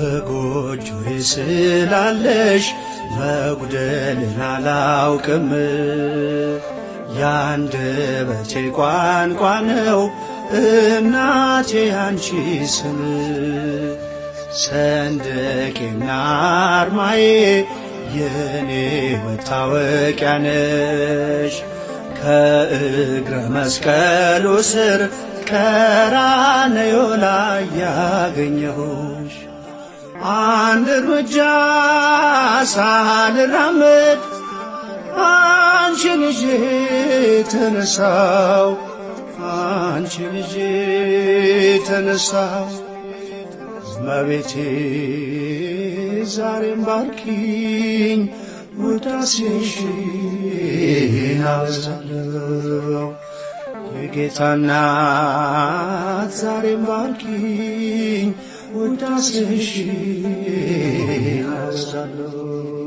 በጎጆዬ ስላለሽ መጉደልን አላውቅም። የአንደበቴ ቋንቋ ነው እናቴ አንቺ ስም ሰንደቄና አርማዬ የኔ መታወቂያ ነሽ። ከእግረ መስቀሉ ስር ቀራንዮ ላይ ያገኘሁሽ አንድ እርምጃ ሳልራመድ አንቺን ይዤ ተነሳው አንቺን ይዤ ተነሳው መቤቴ ዛሬም ባርኪኝ ውዳሴሽን አበዛለሁ የጌታ እናት ዛሬም ባርኪኝ ውዳሴሽ አበዛለሁ